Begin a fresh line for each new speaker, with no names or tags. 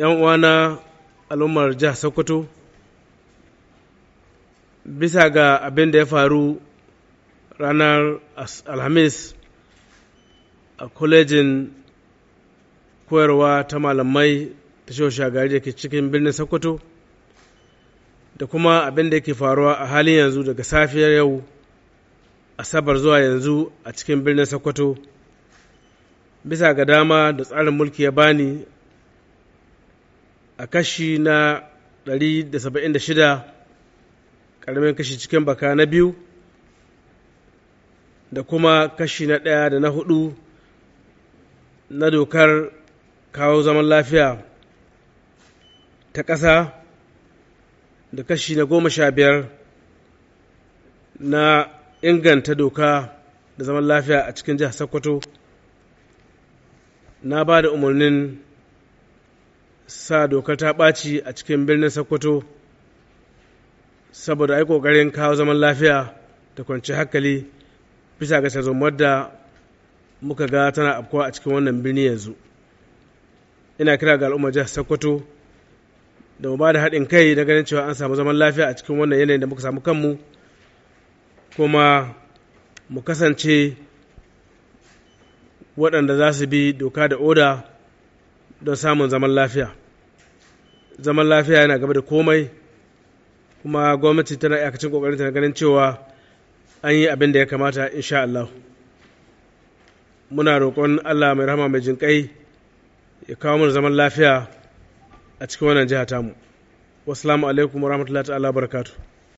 'yan uwana al'ummar jihar sokoto bisa ga abin da ya faru ranar alhamis a kwalejin koyarwa ta malamai ta shagari da ke cikin birnin sokoto da kuma abin da ke faruwa a halin yanzu daga safiyar yau asabar zuwa yanzu a cikin birnin sokoto bisa ga dama da tsarin mulki ya bani a kashi na 176 ƙaramin kashi cikin baka na biyu da kuma kashi na ɗaya da na hudu na dokar kawo zaman lafiya ta ƙasa da kashi na goma sha biyar na inganta doka da zaman lafiya a cikin jihar sokoto na ba da umarnin sa doka ta ɓaci a cikin birnin sokoto saboda ai ƙoƙarin kawo zaman lafiya da kwanci hankali bisa ga tarzomar da muka ga tana afkuwa a cikin wannan birni yanzu ina kira ga al'ummar jihar sokoto da mu ba da haɗin kai na ganin cewa an samu zaman lafiya a cikin wannan yanayin da muka samu kanmu kuma mu kasance waɗanda za su bi doka da oda don samun zaman lafiya zaman lafiya yana gaba da komai kuma gwamnati tana yakacin kokarin ta ganin cewa an yi abin da ya kamata insha Allah muna roƙon Allah mai rahama mai jinƙai ya kawo mana zaman lafiya a cikin wannan jiha tamu wasu alaikum warahmatullahi ta'ala barakatuh